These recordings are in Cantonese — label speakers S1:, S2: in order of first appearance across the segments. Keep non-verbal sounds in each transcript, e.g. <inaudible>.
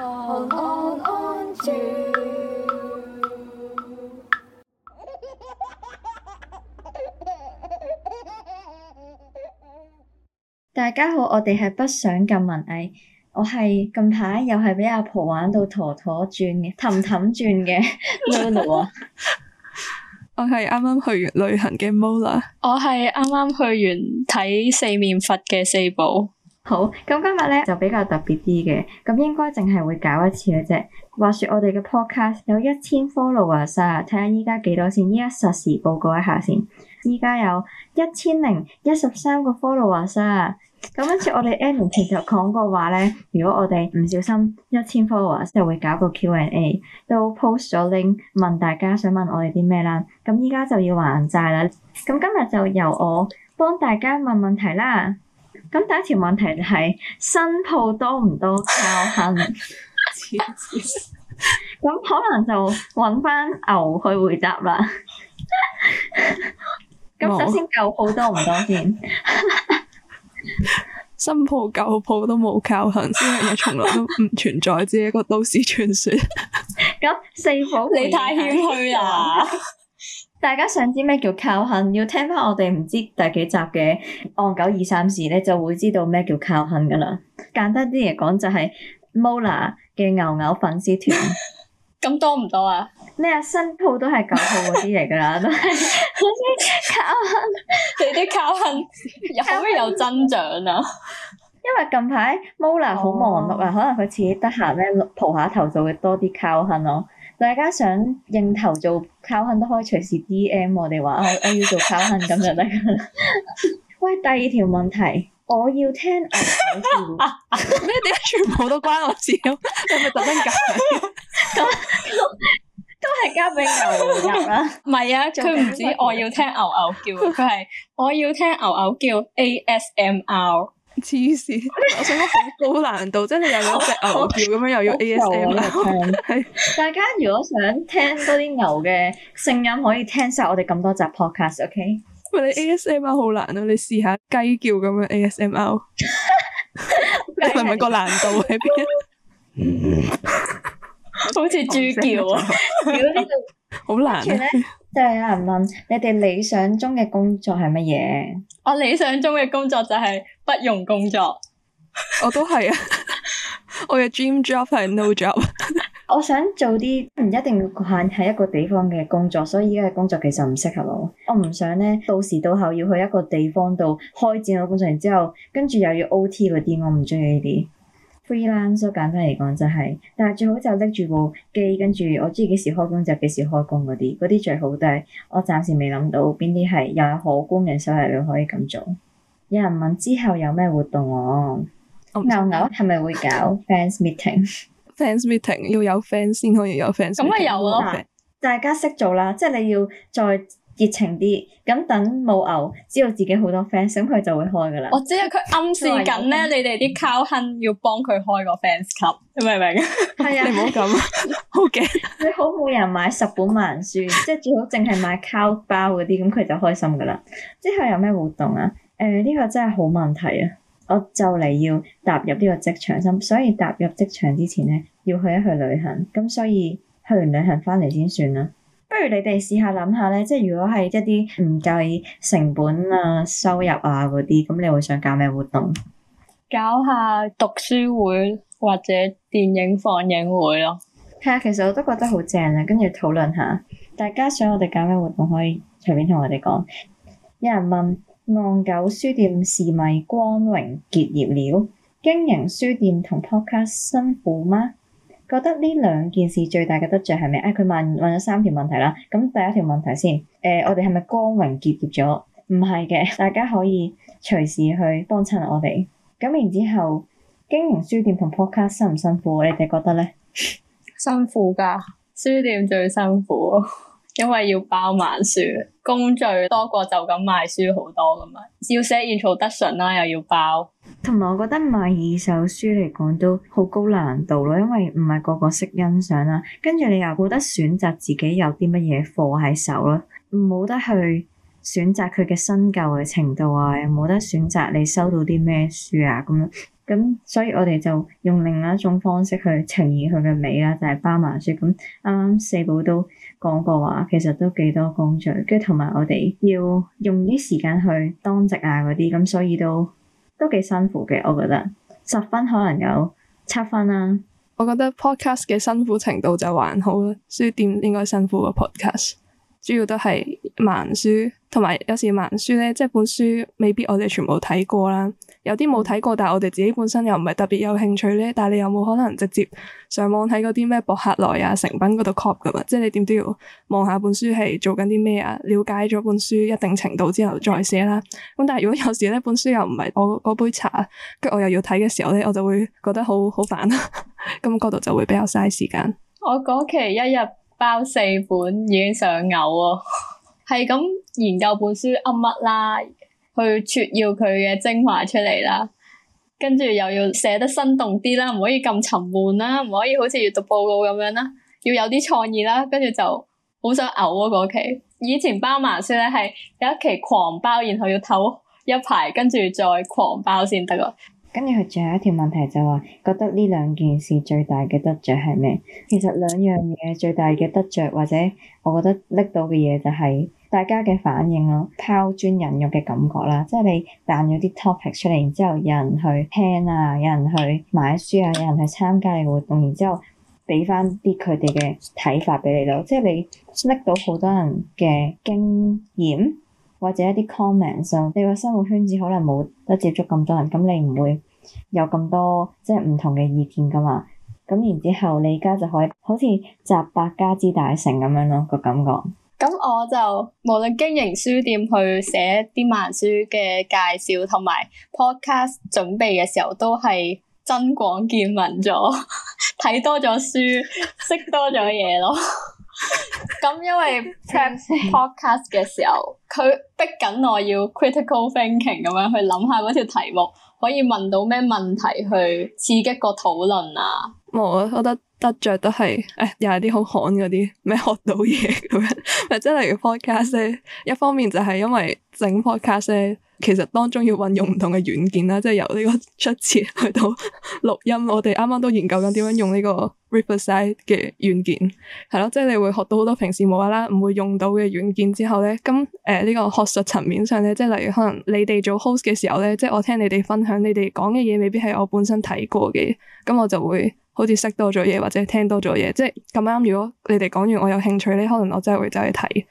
S1: On, on, on, 大家好，我哋係不想禁文藝。我係近排又係畀阿婆玩到陀陀轉嘅，氹氹轉嘅 Mola。
S2: 我係啱啱去完旅行嘅 Mola。
S3: 我係啱啱去完睇四面佛嘅四寶。好，咁今日咧就比較特別
S1: 啲嘅，咁應該淨係會搞一次嘅啫。話說我哋嘅 podcast 有一千 followers 啊，睇下依家幾多先，依家實時報告一下先。依家有一千零一十三個 followers 啊，咁跟住我哋 Amy 其實講過話咧，如果我哋唔小心一千 followers 就會搞個 Q&A，都 post 咗 link 問大家想問我哋啲咩啦。咁依家就要還債啦，咁今日就由我幫大家問問題啦。咁第一條問題就係新鋪多唔多靠幸？咁 <laughs> 經病 可能就揾翻牛去回答啦。咁 <laughs> 首先
S3: 舊鋪多唔多先？
S1: <laughs> 新鋪舊鋪都冇
S2: 靠幸，因為又從來都唔存在，只係 <laughs> 一個都市傳說。
S1: 咁四
S3: 寶，你太謙虛啦。 <laughs>
S1: 大家想知咩叫靠恨？要聽翻我哋唔知第幾集嘅《岸久二三事》咧，就會知道咩叫靠恨噶啦。簡單啲嚟講，就係 Mola 嘅牛牛粉絲團。
S3: 咁 <laughs> 多唔多啊？咩新鋪都係九號嗰啲嚟噶啦， <laughs> 都係靠恨，你啲靠恨有冇有增長啊？ <laughs> 因為近排
S1: Mola 好忙碌啊，oh。可能佢自己得閒咧，蒲下頭做嘅多啲靠恨咯。大家想認頭做 cow hunt 都可以隨時 D M 我哋話，我、 <music> 哦、我要做 cow hunt 咁就得噶啦。 <laughs> 喂，第二條問題，我要聽牛牛叫咩？點解、 <laughs> 啊啊、全部都關我事？你咪特登搞？咁
S3: 都係交俾牛牛啦。唔係 <laughs> 啊，佢唔止我要聽牛牛叫，佢係 <laughs> 我要聽牛牛叫 A S M R。黐線，我想講好高難度，即係你又要隻牛叫咁樣，又要 ASMR。係，大家如果想
S1: 聽多啲牛嘅聲音，可以聽晒我哋咁多集 podcast，OK？喂，你 ASMR 好難啊，你試下雞叫咁樣 ASMR。係
S2: 咪
S3: 個難度喺邊？好似豬叫啊！如
S1: 果呢度好難啊！即係有人問，你哋理想中嘅工作係乜嘢？
S3: 我理想中嘅工作就係。不用工作， <laughs> 我都也係是
S1: 啊！ <laughs> 我嘅 dream job 係 no job。 <laughs> 我想做啲唔一定要限喺一個地方嘅工作，所以依家嘅工作其實唔適合我。我唔想咧到時到後要去一個地方度開展我工作，之後跟住又要 O T 嗰啲，我唔中意呢啲。freelance 簡單嚟講就係、是，但係最好就拎住部機，跟住我中意幾時開工就幾時開工嗰啲，嗰啲最好。都係我暫時未諗到邊啲係又有可觀嘅收入可以咁做。有人問之後有咩活動啊？牛牛係咪會搞 fans meeting? fans meeting？fans meeting 要有 fans 先可以有 fans，咁咪有咯。大家識做啦，即係你要再熱情啲。咁等冇牛知道自己好多 fans，咁佢就會開噶啦。哦，即
S3: 係佢暗示緊咧， <laughs> 你哋啲 cow hunt 要幫佢開個 fans club，明唔明？係啊， <laughs> 你唔 <laughs> <laughs> 好咁，好嘅！你好，冇
S1: 人買十本萬書， <laughs> 即係最好淨係買 cow 包嗰啲，咁佢就開心噶啦。之後有咩活動啊？誒、呢、呃這個真係好問題啊！我就嚟，要踏入呢個職場心，所以踏入職場之前咧，要去一去旅行。咁所以去完旅行翻嚟，先算啦。不如你哋試下諗下咧，即係如果係一啲唔計成本啊、收入啊嗰啲，咁你會想搞咩活動？
S3: 搞下讀書會或者電影放映會咯。係啊、嗯，其實我都覺得好正啊，
S1: 跟住討論下，大家想我哋搞咩活動可以隨便同我哋講，有人問。岸久書店是咪光榮結業了？經營書店同 podcast 辛苦嗎？覺得呢兩件事最大嘅得著係咩？啊、哎，佢問問咗三條問題啦。咁第一條問題先，誒、呃，我哋係咪光榮結業咗？唔係嘅，大家可以隨時去幫襯我哋。咁然之後，經營書店同 podcast 辛唔辛苦？你哋覺得呢？
S3: 辛苦㗎，書店最辛苦。因為要包埋書，工序多過就咁賣書好多噶嘛，要寫 intro 得順啦，又要包，同埋我覺得賣二手書
S1: 嚟講都好高難度咯，因為唔係個個識欣賞啦，跟住你又冇得選擇自己有啲乜嘢貨喺手咯，冇得去選擇佢嘅新舊嘅程度啊，又冇得選擇你收到啲咩書啊咁樣。咁、嗯、所以我哋就用另外一種方式去呈現佢嘅美啦，就係包埋書。咁啱啱四寶都講過話，其實都幾多工序，跟住同埋我哋要用啲時間去當值啊嗰啲，咁所以都都幾辛苦嘅。我覺得十分可能有七分啦、啊。我覺得 podcast 嘅辛苦程度就還好啦，書店
S2: 應該辛苦過 podcast。主要都係盲書，同埋有，有時盲書咧，即係本書未必我哋全部睇過啦。有啲冇睇過，但係我哋自己本身又唔係特別有興趣咧。但係你有冇可能直接上網睇嗰啲咩博客來啊、成品嗰度 copy 噶嘛？即係你點都要望下本書係做緊啲咩啊？了解咗本書一定程度之後再寫啦。咁但係如果有時咧，本書又唔係我嗰杯茶，跟住我又要睇嘅時候咧，我就會覺得好好煩啦。咁嗰度就會比較嘥時間。
S3: 我嗰期一日包四本已經上嘔喎，係咁 <laughs> 研究本書噏乜啦～去撮要佢嘅精華出嚟啦，跟住又要寫得生動啲啦，唔可以咁沉悶啦，唔可以好似閱讀報告咁樣啦，要有啲創意啦，跟住就好想嘔啊嗰期。以前包麻書咧係有一期狂包，然後要唞一排，跟住再狂包先得啊。
S1: 跟住佢仲有一條問題就話，覺得呢兩件事最大嘅得着係咩？其實兩樣嘢最大嘅得着或者我覺得拎到嘅嘢就係、是。大家嘅反應咯，拋磚引玉嘅感覺啦，即係你彈咗啲 topic 出嚟，然之後有人去聽啊，有人去買書啊，有人去參加你嘅活動，然之後俾翻啲佢哋嘅睇法俾你咯，即係你拎到好多人嘅經驗或者一啲 comment 上，你個生活圈子可能冇得接觸咁多人，咁你唔會有咁多即係唔同嘅意見㗎嘛，咁然之後你而家就可以好似集百家之大成咁樣咯，個感覺。
S3: 咁我就無論經營書店，去寫啲盲書嘅介紹，同埋 podcast 準備嘅時候，都係增廣見聞咗，睇 <laughs> 多咗書，識多咗嘢咯。咁 <laughs> 因為 prep podcast 嘅時候，佢逼緊我要 critical thinking 咁樣去諗下嗰條題目，可以問到咩問題去刺激個討論啊？
S2: 冇啊，我覺得得着都係誒，又係啲好罕嗰啲，咩學到嘢咁樣，咪即係例如 podcast 一方面就係因為整 podcast 其實當中要運用唔同嘅軟件啦，即係由呢個出錢去到錄音，我哋啱啱都研究緊點樣用呢個 riverside 嘅軟件，係咯，即係你會學到好多平時冇啦啦唔會用到嘅軟件之後咧，咁誒呢個學術層面上咧，即係例如可能你哋做 host 嘅時候咧，即係我聽你哋分享，你哋講嘅嘢未必係我本身睇過嘅，咁我就會。好似識多咗嘢或者聽多咗嘢，即係咁啱。如果你哋講完我有興趣咧，可能我真係會走去睇。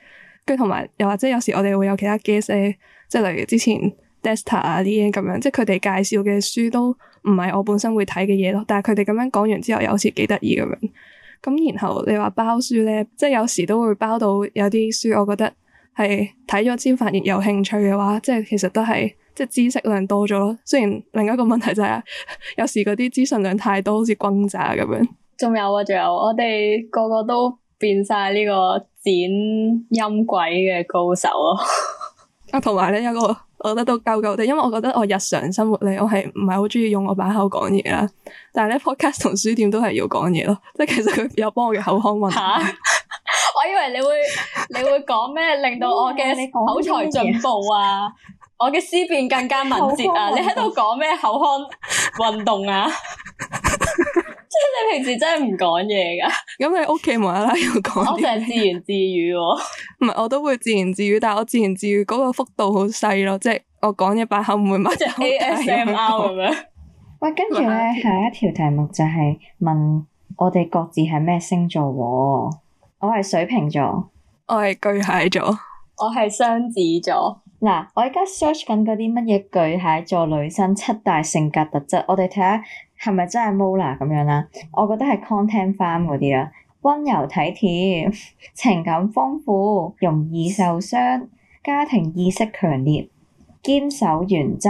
S2: 跟住同埋又或者有時我哋會有其他 guest 咧，即係例如之前 Desta 啊啲嘢咁樣，即係佢哋介紹嘅書都唔係我本身會睇嘅嘢咯。但係佢哋咁樣講完之後又好似幾得意咁樣。咁然後你話包書咧，即係有時都會包到有啲書，我覺得係睇咗先發現有興趣嘅話，即係其實都係。即係知識量多咗咯，雖然另一個問題就係有時嗰啲資
S3: 訊量太多，好似轟炸咁樣。仲有啊，仲有我哋個個都變晒呢個剪音軌嘅高手咯。啊， <laughs> 同埋咧有
S2: 個，我覺得都夠夠地，因爲我覺得我日常生活咧，我係唔係好中意用我把口講嘢啦。但係咧 Podcast 同書店都係要講嘢咯，即係其實佢有幫我嘅口腔運。吓，
S3: 我以爲你會你會講咩令到我嘅口才進步啊？我嘅思辨更加敏捷啊！你喺度講咩口腔運動啊？即係你平時真係唔講嘢噶，咁你屋企無啦啦又講，我成自言自語喎。
S2: 唔係，我都會自言自語，但係我自言自語嗰個幅度好細咯，即係我講嘢把口唔會擘隻口 ASMR 咁樣。
S1: 喂，跟住咧，下一條題目就係問我哋各自係咩星座？我係水瓶座，
S3: 我係巨蟹座，我係雙子座。嗱，我而家
S1: search 緊嗰啲乜嘢巨蟹座女生七大性格特質，我哋睇下係咪真係 Mola 咁樣啦。我覺得係 content farm 嗰啲啦，溫柔體貼、情感豐富、容易受傷、家庭意識強烈、堅守原則、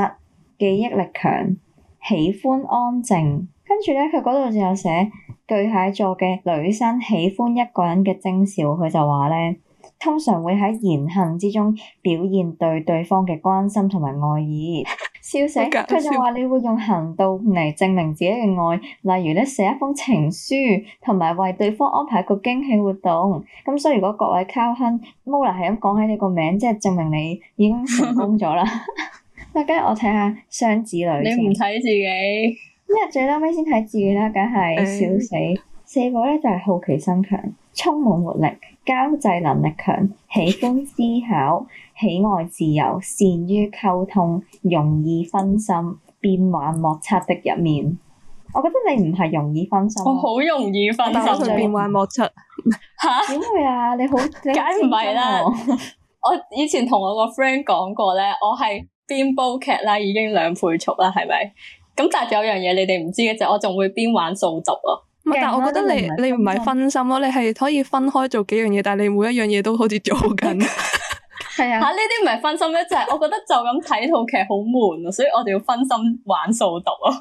S1: 記憶力強、喜歡安靜。跟住咧，佢嗰度仲有寫巨蟹座嘅女生喜歡一個人嘅徵兆，佢就話咧。通常會喺言行之中表現對對方嘅關心同埋愛意，笑死！佢就話你會用行動嚟證明自己嘅愛，例如咧寫一封情書，同埋為對方安排一個驚喜活動。咁所以如果各位 cow hunt，Mola 係咁講起你個名，即係證明你已經成功咗啦。咁啊，我睇下雙子女，你唔睇自己，因為最嬲，尾先睇字啦，梗係笑死。嗯、四寶咧就係好奇心強，充滿活力。交際能力強，喜歡思考，喜愛自由，善於溝通，容易分心，變幻莫測的一面。
S3: 我覺得你唔係容易分心，我好容易分心，但係變幻莫測。吓？點會 <laughs> 啊？你好，你梗唔係啦。 <laughs> 我以前同我個 friend 講過咧，我係邊煲劇啦，已經兩倍速啦，係咪？咁但係有樣嘢你哋唔知嘅就係我，我仲會邊玩數獨啊。
S2: 但係我覺得你你唔係分心咯，你係、嗯、可以分開做幾
S3: 樣嘢，但係你每一樣嘢都好似做緊。係啊，吓呢啲唔係分心咩？就係 <laughs> 我覺得就咁睇套劇好悶啊，所以我哋要分心玩數獨咯。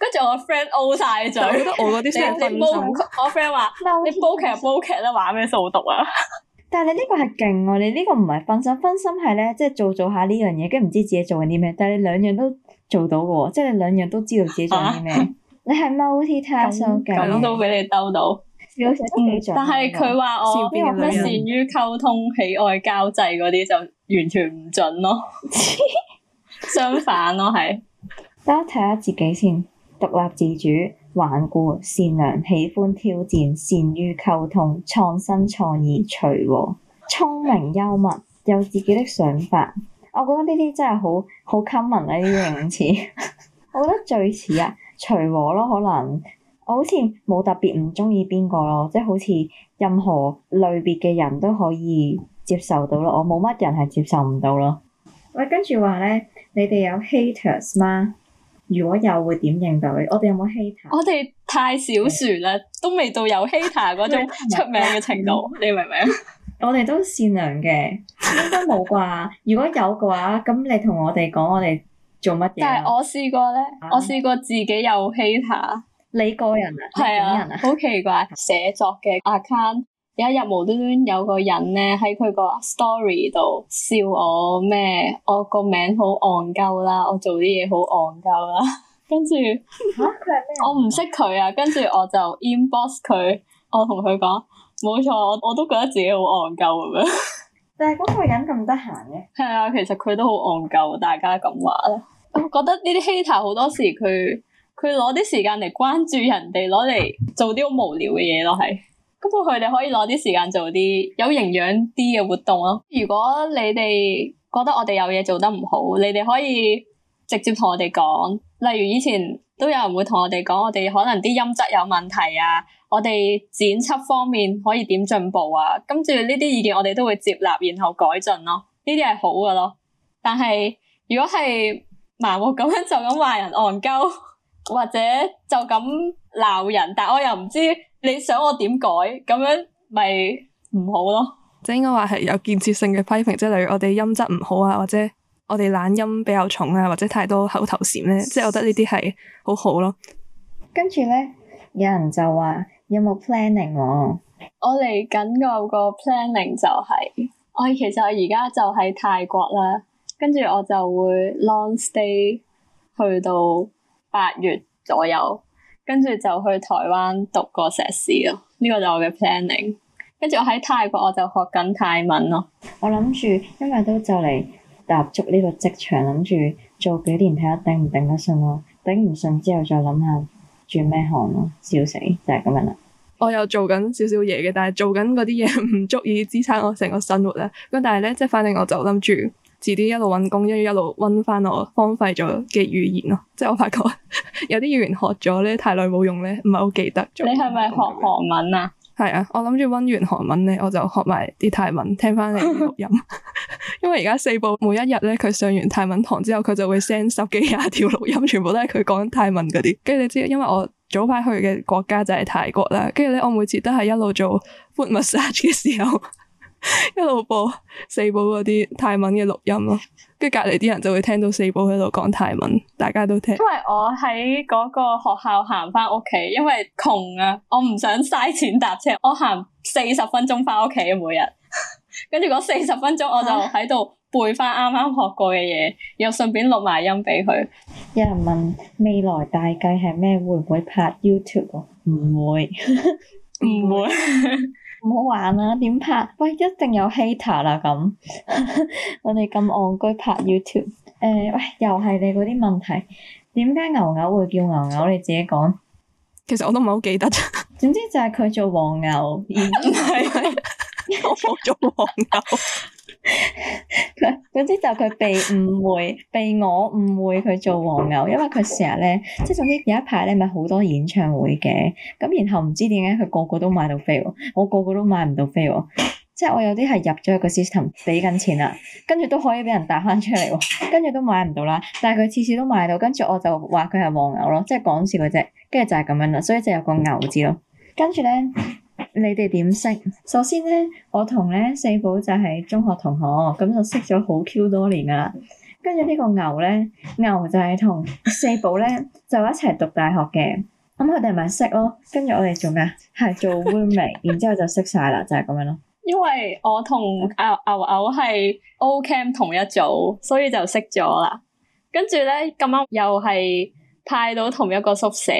S3: 跟 <laughs> 住我個 friend o 晒嘴，我我嗰啲先係分心。も <laughs> 我 friend 話：， <laughs> 你煲劇煲劇啦，玩咩數獨啊？
S1: 但係你呢個係勁哦！你呢個唔係分心，分心係咧，即係做做下呢樣嘢，跟住唔知自己做緊啲咩。但係你兩樣都做到嘅，即係你兩樣都知道自己做緊啲咩。 <laughs> 你
S3: 係 multi-talented，咁都俾你兜到。嗯、但係佢話我我乜善於溝通、喜愛交際嗰啲就完全唔準咯。 <laughs> 相反咯，係 <laughs>
S1: 是。大家睇下自己先，獨立自主、頑固、善良、喜歡挑戰、善於溝通、創新創意、隨和、聰明、幽默，有自己的想法。我覺得呢啲真係好好 common 啊，呢啲形容詞。 <laughs> 我覺得最似啊。隨和咯，可能我好似冇特別唔中意邊個咯，即係好似任何類別嘅人都可以接受到咯，我冇乜人係接受唔到咯。喂，跟住話咧，你哋有 haters 嗎？如果有，會點應對？我哋有冇 haters？
S3: 我哋太少數啦， <laughs> 都未到有 haters 嗰種出名嘅程度， <laughs> <laughs> 你
S1: 明唔明？ <laughs> 我哋都善良嘅，應該冇啩。 <laughs> 如果有嘅話，咁你同我哋講，我哋。但係我
S3: 試過咧，啊、我試過自己有 hater。你個人啊，係啊，好、啊、奇怪。寫作嘅 account 有一日無端端有個人咧，喺佢個 story 度笑我咩？我個名好戇鳩啦，我做啲嘢好戇鳩啦。跟住吓？佢係咩？我唔識佢啊。跟住我就 inbox 佢，我同佢講冇錯，我都覺得自己好戇鳩咁樣。
S1: <laughs> 但係嗰個人咁得閒
S3: 嘅，係啊，其實佢都好戇鳩，大家咁話啦。我覺得呢啲 hater 好多時，佢佢攞啲時間嚟關注人哋，攞嚟做啲好無聊嘅嘢咯。係咁，佢 <laughs> 哋可以攞啲時間做啲有營養啲嘅活動咯。如果你哋覺得我哋有嘢做得唔好，你哋可以直接同我哋講。例如以前都有人會同我哋講，我哋可能啲音質有問題啊，我哋剪輯方面可以點進步啊。跟住呢啲意見，我哋都會接納，然後改進咯。呢啲係好嘅咯。但係如果係，盲目咁樣就咁話人戇鳩，或者就咁鬧人，但我又唔知你想我點改，咁樣咪
S2: 唔好咯。即係應該話係有建設性嘅批評，即係例如我哋音質唔好啊，或者我哋懶音比較重啊，或者太多口頭禪咧， 即係我覺得呢啲係好好咯。
S1: 跟住咧，有人就話有冇 planning？啊、
S3: 我嚟緊有個 planning，就係、是、我其實我而家就喺泰國啦。跟住我就會 long stay 去到八月左右，跟住就去台灣讀個碩士咯。呢個就我嘅 planning。跟住我喺泰國，我就學緊泰文咯。
S1: 我諗住，因為都就嚟踏足呢個職場，諗住做幾年睇下頂唔頂得順咯。頂唔順之後再諗下轉咩行咯。笑死，就係咁樣啦。
S2: 我有做緊少少嘢嘅，但係做緊嗰啲嘢唔足以支撐我成個生活咧。咁但係咧，即係反正我就諗住。自啲一路揾工，一一路溫翻我荒廢咗嘅語言咯。即係我發覺 <laughs> 有啲語言學咗咧，太耐冇用咧，唔係好記得。你係咪學韓文啊？係啊，我諗住溫完韓文咧，我就學埋啲泰文，聽翻嚟錄音。 <laughs> <laughs> 因為而家四部每一日咧，佢上完泰文堂之後，佢就會 send 十幾廿條錄音，全部都係佢講泰文嗰啲。跟住你知，因為我早排去嘅國家就係泰國啦，跟住咧我每次都係一路做 f o o t massage 嘅時候。一路播四寶嗰啲泰文嘅錄音咯，跟住隔籬啲人就會聽到四寶喺度講泰文，大家都聽。因為
S3: 我喺嗰個學校行翻屋企，因為窮啊，我唔想嘥錢搭車，我行四十分鐘翻屋企每日，跟住嗰四十分鐘我就喺度背翻啱啱學過嘅嘢，啊、又順便錄埋音俾佢。
S1: 有人問未來大計係咩？會唔會拍 YouTube？唔會，
S3: 唔 <laughs> 會。 <laughs> 唔好玩啊，點
S1: 拍？喂，一定有 hater 啦咁。 <laughs> 我哋咁戇居拍 YouTube，誒、呃，喂，又係你嗰啲問題。點解牛牛會叫牛牛？你自己講。其實我都唔係好記得。總之就係佢做黃牛，而唔係我做黃牛。 <laughs> <laughs> 總之就佢被誤會，被我誤會佢做黃牛，因為佢成日咧，即係總之有一排咧咪好多演唱會嘅，咁然後唔知點解佢個個都買到飛，我個個都買唔到飛，即係我有啲係入咗一個 system，俾緊錢啦，跟住都可以俾人打翻出嚟，跟住都買唔到啦，但係佢次次都買到，跟住我就話佢係黃牛咯，即係講笑嗰隻，跟住就係咁樣啦，所以就有個牛字咯，跟住咧。你哋點識？首先咧，我同咧四寶就係中學同學，咁就識咗好 Q 多年噶啦。跟住呢個牛咧，牛就係同四寶咧就一齊讀大學嘅，咁佢哋咪識咯。跟住我哋做咩啊？係做 roommate，然之後就識晒啦，就係、是、咁樣
S3: 咯。因為我同啊牛牛係 O Camp 同一組，所以就識咗啦。跟住咧，咁啱又係派到同一個宿舍，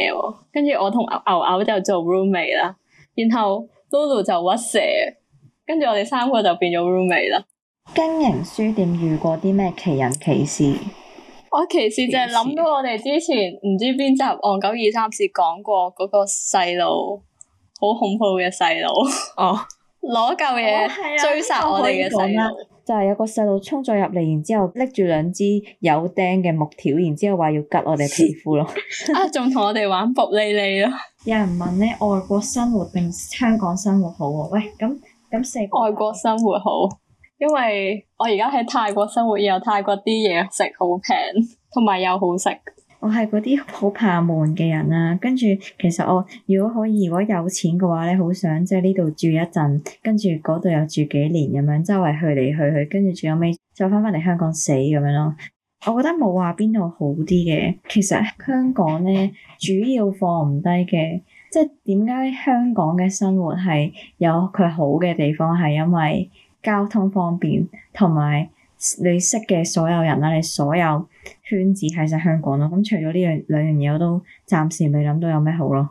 S3: 跟住我同牛牛牛就做 roommate 啦。然後 Lulu 就屈蛇，跟住我哋三個就變咗 roommate 啦。
S1: 經營書店遇過啲咩奇人奇
S3: 事？我其實就諗到我哋之前唔知邊集岸久二三事講過嗰個細路，好恐怖嘅細路， <laughs> 哦，攞嚿嘢追殺我哋嘅細路。
S1: 就係有個細路衝咗入嚟，然之後拎住兩支有釘嘅木條，然之後話要拮我哋皮膚咯。
S3: 啊，仲同我哋玩薄利
S1: 利咯！ <laughs> 有人問咧，外國生活定香港生活好喎？喂，咁咁四
S3: 外國生活好，因為我而家喺泰國生活，然後泰國啲嘢食好平，同埋又好食。
S1: 我係嗰啲好怕悶嘅人啊。跟住其實我如果可以，如果有錢嘅話咧，好想即係呢度住一陣，跟住嗰度又住幾年咁樣，周圍去嚟去去，跟住最後尾再返返嚟香港死咁樣咯。我覺得冇話邊度好啲嘅，其實香港呢主要放唔低嘅，即係點解香港嘅生活係有佢好嘅地方，係因為交通方便同埋。你識嘅所有人啦，你所有圈子喺晒香港咯。咁除咗呢樣兩樣嘢，我都暫時未諗到有咩好咯。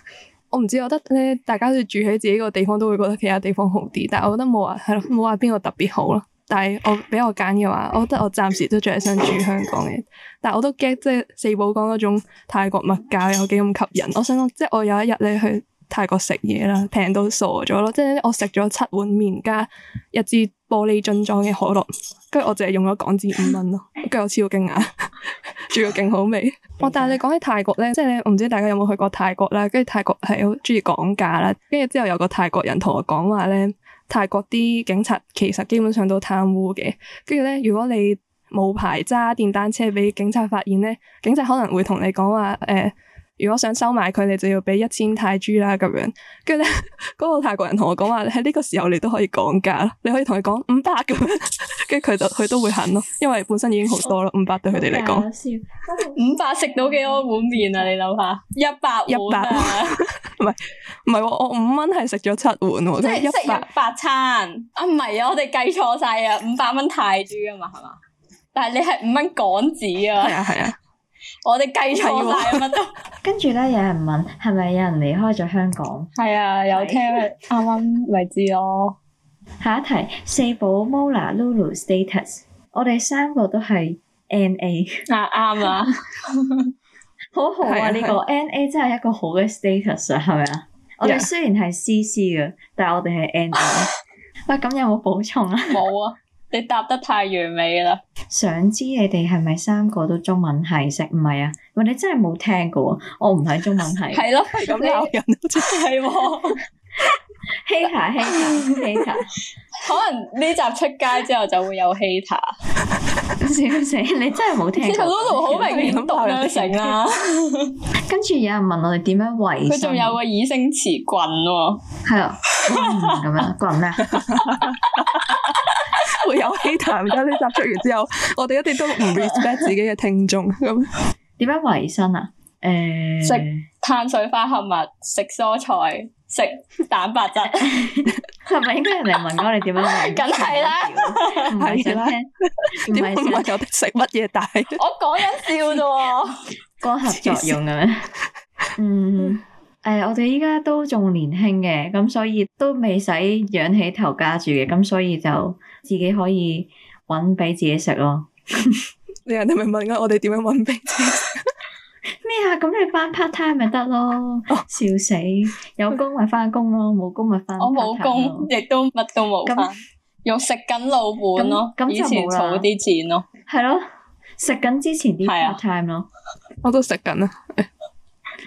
S2: <laughs> 我唔知，我覺得咧，大家都住喺自己個地方，都會覺得其他地方好啲。但係我覺得冇話係咯，冇話邊個特別好咯。但係我比較揀嘅話，我覺得我暫時都仲係想住香港嘅。但我都驚即係四寶講嗰種泰國物價有幾咁吸引。我想講即係、就是、我有一日咧去。泰國食嘢啦，平到傻咗咯！即係我食咗七碗麵加一支玻璃樽裝嘅可樂，跟住我淨係用咗港紙五蚊咯，跟住我超驚訝，仲要勁好味。哇、 <laughs> 哦！但係你講起泰國咧，即係咧，我唔知大家有冇去過泰國啦，跟住泰國係好中意講價啦，跟住之後有個泰國人同我講話咧，泰國啲警察其實基本上都貪污嘅，跟住咧，如果你冇牌揸電單車俾警察發現咧，警察可能會同你講話誒。呃如果想收買佢，你就要俾一千泰銖啦，咁樣。跟住咧，嗰個泰國人同我講話喺呢個時候，你都可以講價，你可以同佢講五百咁樣。跟住佢就佢都會肯咯，因為本身已經好多啦。五百對佢哋嚟講，
S3: 五百食到幾多碗麵啊？你諗下，一百一百，
S2: 唔係唔係，我五蚊係食咗七碗，即係一百
S3: 八餐。啊唔係啊，我哋計錯晒啊，五百蚊泰銖啊嘛，係嘛？但係你係五蚊港紙啊？係啊係啊。我哋啲雞腸，
S1: 跟住咧，有人問係咪有人離開咗香港？係啊，有聽，啱啱咪知咯。下一題，四寶 Mola Lulu status，我哋三個都係 N A，啱啊。好好啊呢、 <laughs> 啊啊這個 N A 真係一個好嘅 status 啊，係咪啊？我哋雖然係 C C 嘅，但係我哋係 N A。 <laughs> <laughs> 喂，咁有
S3: 冇補充啊？ <laughs> 冇啊，你答得太完美啦。
S1: 想知你哋係咪三個都中文系識？唔係啊，我你真係冇聽過，啊，我唔係中文系。係咯，咁鬧
S3: 人，係喎。hater hater hater，可能呢集出街之後就會有 hater。hater 成
S1: 成， <laughs> 你真係冇聽。呢條路好明顯讀成啊！ <laughs> 跟住有人問我哋點樣維生、啊，佢仲有個
S3: 以聲詞棍喎、哦，係、 <laughs> <laughs> 嗯、啊，咁樣講唔咩？會有氣彈。而家呢集出完之後，我哋一定都唔
S1: respect 自己嘅聽眾。咁點樣維生 <laughs> 啊？誒、嗯，食
S3: 碳水化合物，食蔬菜。食蛋白質係咪應該有
S1: 人問我哋點樣問？梗係啦，
S3: 唔係
S1: 笑咩？唔係笑就食乜嘢
S3: 大？我講緊笑啫。光合作用啊？ <laughs> 嗯，
S1: 誒、呃，我哋依家都仲年輕嘅，咁所以都未使養起頭家住嘅，咁所以就自己可以搵俾自己食咯。 <laughs> <laughs> 你人哋咪問我我哋點樣搵俾？ <laughs> 咩啊？咁你翻 part time 咪得咯？Oh. 笑死！有工咪翻工咯，冇工咪翻 part time 咯。我冇工，
S3: 亦都乜都冇翻。用、嗯、食緊老本咯，嗯嗯嗯、以前儲啲錢咯。係
S1: 咯、嗯，食緊之前啲
S3: part time 咯、啊。我都食緊啊！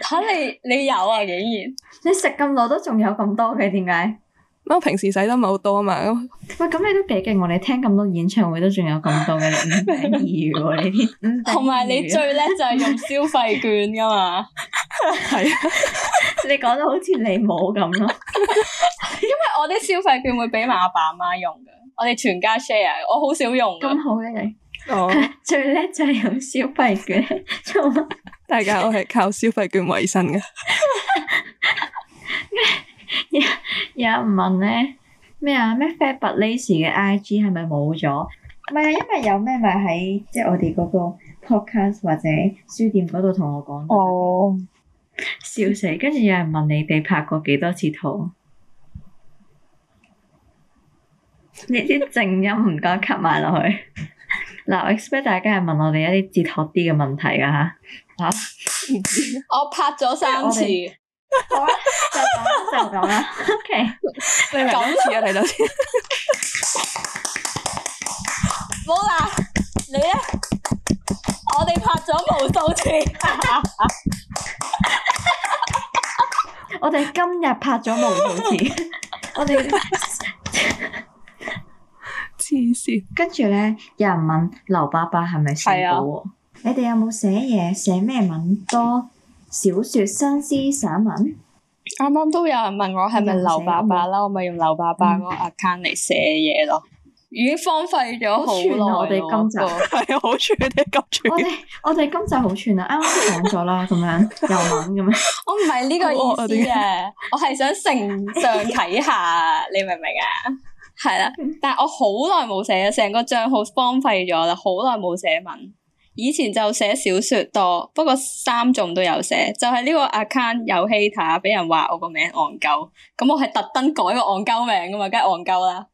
S1: 吓 <laughs> <laughs> 你你有啊？竟然你食咁耐都仲有咁多嘅？點解？我平時使得唔係好多嘛，喂，哇，咁你都幾勁喎！你聽咁多演唱會都仲有咁多嘅零零二，呢啲，
S3: 同埋你最叻就係用消費券噶嘛，係啊，你講得好似你冇咁咯， <laughs> 因為我啲消費券會俾埋阿爸阿媽用噶，我哋全家 share，我好少用，咁好嘅你，哦，oh. 最
S2: 叻就係用消費券， <laughs> 大家我係靠消費券為生噶。 <laughs>
S1: 有人問咧，咩啊咩 fatbutlazy 嘅 IG 係咪冇咗？唔係啊，因為有咩咪喺即係我哋嗰個 podcast 或者書店嗰度同我講。哦，笑死！跟住有人問你哋拍過幾多次拖？你啲靜音唔該 cut 埋落去。嗱，我 expect 大家係問我哋一啲哲學啲嘅問題噶吓吓。
S3: 我拍咗三次。好啊，就講啦，OK，你講詞啊，睇到先，冇啦，你咧？我哋拍咗無數次，
S1: <laughs> <laughs> 我哋今日拍咗無數次， <laughs> 我哋黐線。跟住咧，有人問劉爸爸係咪寫稿？啊、你哋有冇寫嘢？寫咩文多？小說、新詩、
S3: 散文？啱啱都有人問我係咪劉爸爸啦，嗯、我咪用劉爸爸嗰個 account 嚟寫嘢咯，嗯、已經荒廢咗好耐。我哋今集
S1: 係好串，我哋我哋今集好串啊！啱啱講咗啦，咁樣又諗咁樣，
S3: 樣我唔係呢個意思嘅， <laughs> 我係想成上睇下， <laughs> 你明唔明啊？係啦，但係我好耐冇寫，成個賬號荒廢咗啦，好耐冇寫文。以前就寫小說多，不過三重都有寫，就係、是、呢個 account 有 hater 俾人話我，名我個名戇鳩，咁我係特登改個戇鳩名噶嘛，梗係戇鳩啦。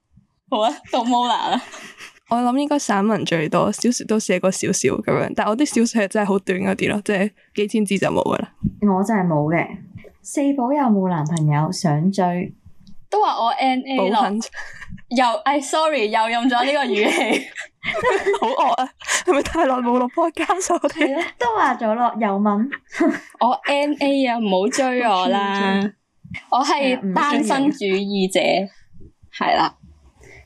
S3: 好啊到 Mola
S2: <laughs> 我諗應該散文最多，小說都寫過少少咁樣，但係我啲小說真係好短嗰啲咯，即係幾千字就冇噶啦。
S1: 我真係冇嘅，四寶又冇男朋友想追，都話我 N
S3: A 咯，又哎，sorry，又用咗呢個語氣。 <laughs> <laughs> 好惡啊！係咪太耐冇落 podcast 喇？都話咗咯，又 <laughs> 問我 NA 啊，唔好追我啦。我係單身主義者，係啦。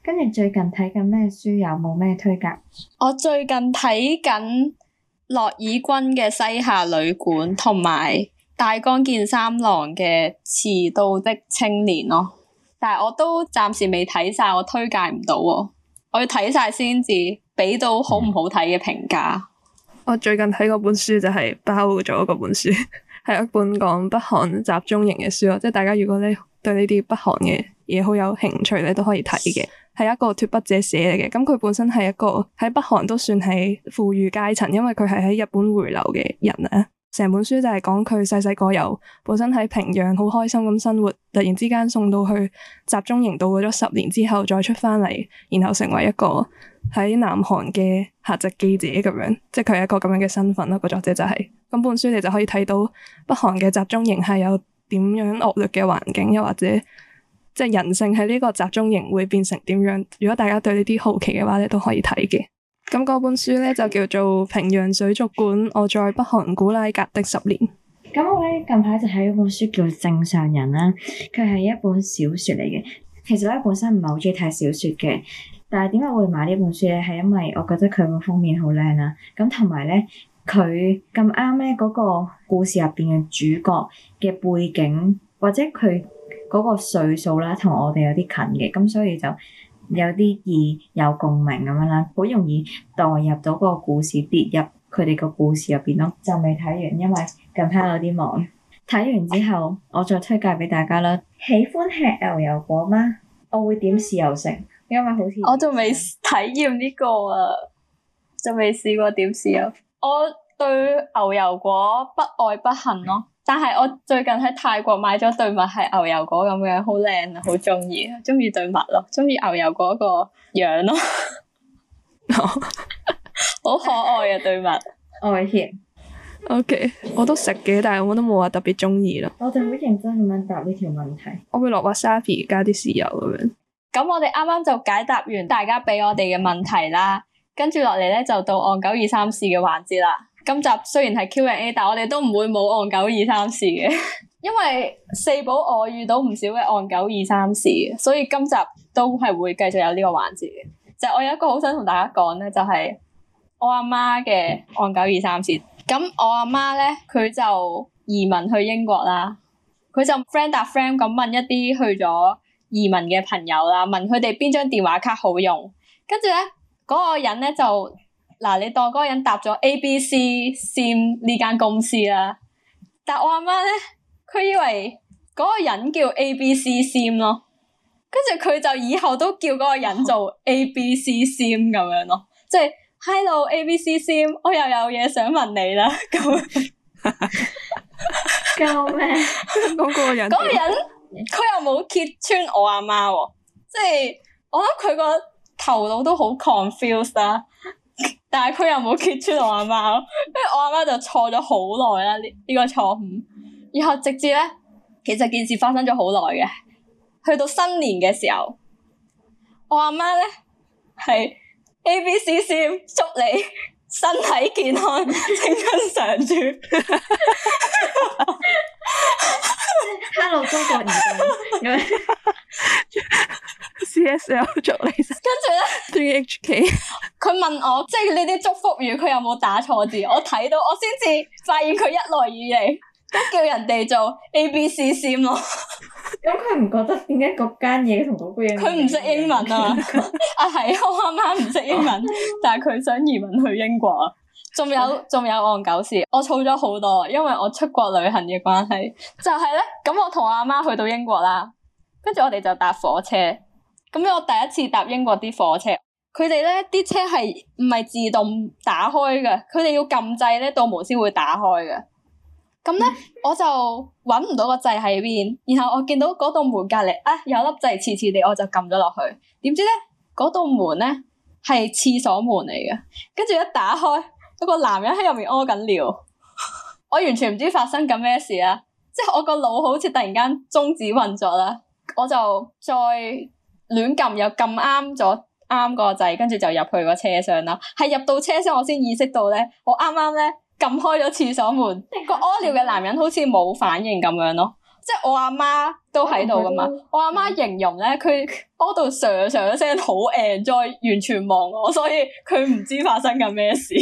S1: 跟住最近睇
S3: 緊咩書？有冇咩推介？我最近睇緊駱以軍嘅《西夏旅館》同埋大江健三郎嘅《遲到的青年》咯。但係我都暫時未睇晒，我推介唔到喎。我要睇晒先至畀到好唔好睇嘅評價。
S2: 我最近睇嗰本書就係包咗嗰本書，係、就是、一本講 <laughs> 北韓集中營嘅書咯。即係大家如果咧對呢啲北韓嘅嘢，好有興趣咧，都可以睇嘅。係一個脫北者寫嚟嘅，咁佢本身係一個喺北韓都算係富裕階層，因為佢係喺日本回流嘅人啊。成本書就係講佢細細個由本身喺平壤好開心咁生活，突然之間送到去集中營度過咗十年之後再出翻嚟，然後成為一個喺南韓嘅客席記者咁樣，即係佢係一個咁樣嘅身份咯。個作者就係咁，本書你就可以睇到北韓嘅集中營係有點樣惡劣嘅環境，又或者即係人性喺呢個集中營會變成點樣。如果大家對呢啲好奇嘅話，你都可以睇嘅。咁嗰本書咧就叫做《
S1: 平壤水族館》，我在北韓古拉格的十年。咁我咧近排就睇咗本書叫《正常人》啦，佢係一本小說嚟嘅。其實我本身唔係好中意睇小說嘅，但係點解會買呢本書咧？係因為我覺得佢個封面好靚啦，咁同埋咧佢咁啱咧嗰個故事入邊嘅主角嘅背景或者佢嗰個歲數啦，同我哋有啲近嘅，咁所以就。有啲意有共鳴咁樣啦，好容易代入到個故事，跌入佢哋個故事入邊咯。就未睇完，因為近排有啲忙。睇完之後，我再推介俾大家啦。喜歡吃牛油果嗎？我會點豉油
S3: 食，因為好似我仲未體驗呢個啊，就未試過點豉油。我對牛油果不愛不恨咯，啊。但係我最近喺泰國買咗對物係牛油果咁樣，好靚啊，好中意，中意對物咯，中意牛油果個樣咯， <laughs> <laughs> 好可愛啊對物，
S2: 愛甜。OK，我都食嘅，但係我都冇話特別中意咯。
S3: 我
S1: 哋好認真咁樣答呢條問題。
S2: 我會落個沙皮，加啲豉油咁樣。
S3: 咁我哋啱啱就解答完大家俾我哋嘅問題啦，跟住落嚟咧就到岸久二三事嘅環節啦。今集雖然係 Q&A，但係我哋都唔會冇岸久二三事嘅。 <laughs> 因為四寶我遇到唔少嘅岸久二三事，所以今集都係會繼續有呢個環節嘅。就是、我有一個好想同大家講咧，就係、是、我阿媽嘅岸久二三事。咁我阿媽咧，佢就移民去英國啦，佢就 friend 搭 friend 咁問一啲去咗移民嘅朋友啦，問佢哋邊張電話卡好用，跟住咧嗰個人咧就。嗱，你當嗰個人搭咗 A B C Sim 呢間公司啦，但我阿媽咧，佢以為嗰個人叫 A B C Sim 咯，跟住佢就以後都叫嗰個人做 A B C Sim 咁樣咯，即係 Hello A B C Sim，我又有嘢想問你啦，咁， <laughs> 救命！嗰 <laughs> <laughs> 個人，嗰個人佢又冇揭穿我阿媽，即係我覺得佢個頭腦都好 confused 啊！但係佢又冇揭穿我阿媽，跟住我阿媽就錯咗好耐啦呢呢個錯誤，然後直接咧，其實件事發生咗好耐嘅，去到新年嘅時候，我阿媽咧係 A B C C 祝你身體健康，青春常駐。 <laughs> <laughs> <laughs> Hello 中國移 <laughs> C
S2: SO, S L 祝你
S3: 跟住咧 Three H K，佢 <laughs> 問我即係呢啲祝福語，佢有冇打錯字？ <laughs> 我睇到我先至發現佢一來語形，都叫人哋做 A B C C 咯。咁佢唔覺得點解嗰間嘢同嗰句英文？佢唔識英文啊？ <laughs> <laughs> <laughs> 啊係，我啱啱唔識英文， <laughs> <laughs> 但係佢想移民去英國啊。仲有仲有岸久事，我儲咗好多，因為我出國旅行嘅關係就係、是、咧。咁我同我阿媽去到英國啦，跟住我哋就搭火車。咁咧，我第一次搭英國啲火車，佢哋咧啲車係唔係自動打開嘅，佢哋要撳掣咧，道門先會打開嘅。咁咧，嗯、我就揾唔到個掣喺邊，然後我見到嗰道門隔籬啊有粒掣，黐黐地，我就撳咗落去。點知咧嗰道門咧係廁所門嚟嘅，跟住一打開。嗰個男人喺入面屙緊尿， <laughs> <laughs> 我完全唔知發生緊咩事啦，即係我個腦好似突然間終止運作啦，我就再亂撳又撳啱咗啱個掣，跟住就入去個車廂啦。係入到車廂我先意識到咧，我啱啱咧撳開咗廁所門，個屙 <laughs> 尿嘅男人好似冇反應咁樣咯。即係我阿媽都喺度噶嘛，嗯、我阿媽形容咧，佢屙到上上一聲好 enjoy，完全忘我，所以佢唔知發生緊咩事。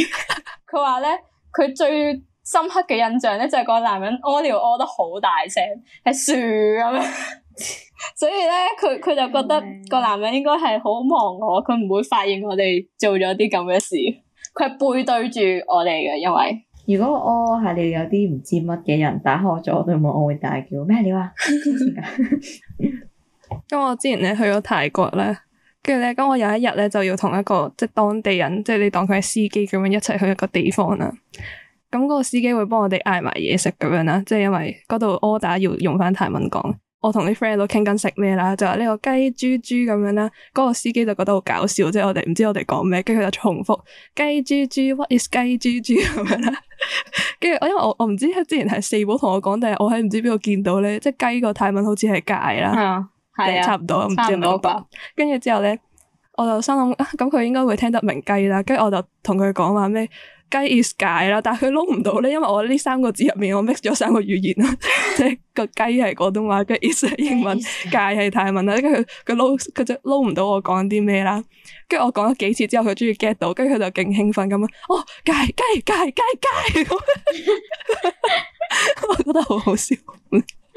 S3: 佢話咧，佢最深刻嘅印象咧就係、是、個男人屙尿屙得好大聲，係樹咁樣， <laughs> 所以咧佢佢就覺得個男人應該係好忘我，佢唔會發現我哋做咗啲咁嘅事，佢係背對住我哋嘅，因為。
S1: 如果我係你有啲唔知乜嘅人打開咗對望，我會大叫咩料啊！咁 <laughs> <laughs> <laughs> 我之前
S2: 咧去咗泰國咧，跟住咧，咁我有一日咧就要同一個即係當地人，即係你當佢係司機咁樣一齊去一個地方啦。咁個司機會幫我哋嗌埋嘢食咁樣啦，即係因為嗰度 order 要用翻泰文講。我同啲 friend 都傾緊食咩啦，就話呢個雞豬豬咁樣啦，嗰個司機就覺得好搞笑，即係我哋唔知我哋講咩，跟住佢就重複雞豬豬，What is 雞豬豬咁樣啦，跟住我因為我我唔知係之前係四寶同我講定係我喺唔知邊度見到咧，即係雞個泰文好似係介啦，係啊、嗯，差唔多，唔知係咪我，跟住之後咧，我就心諗啊，咁佢應該會聽得明雞啦，跟住我就同佢講話咩。雞 is 雞啦，但係佢撈唔到咧，因為我呢三個字入面，我 mix 咗三個語言咯，即係個雞係廣東話，跟住 is 係英文，雞係是泰文啦，跟住佢撈佢就撈唔到我講啲咩啦，跟住我講咗幾次之後，佢終於 get 到，跟住佢就勁興奮咁樣，哦雞雞雞雞雞，我覺得好好笑， <laughs> <laughs>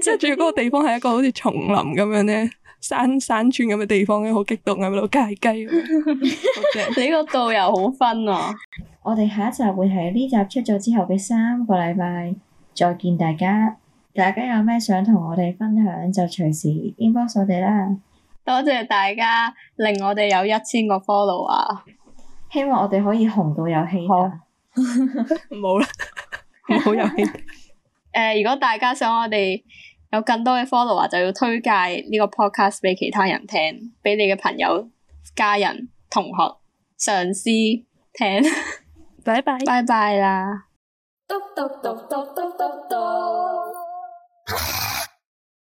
S2: 即係仲嗰個地方係一個好似叢林咁樣咧。山山村咁嘅地方咧，好激動喺度解雞，好
S3: ，okay. <laughs> 你個導遊
S2: 好
S1: fun 啊！ <laughs> 我哋下一集會喺呢集出咗之後嘅三個禮拜再見大家。大家有咩想同我哋分享就隨，就隨時 inbox 我哋啦。
S3: 多 <music> 謝，謝大家令我哋有一千個 follow 啊！ <music> 希
S1: 望我哋可以紅到有氣。冇
S3: 啦，好有氣誒， <music> uh, 如果大家想我哋有更多嘅 follow 啊，就要推介呢個 podcast 俾其他人聽，俾你嘅朋友、家人、同學、上司聽。拜拜，拜拜啦。